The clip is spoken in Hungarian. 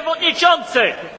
przewodniczący!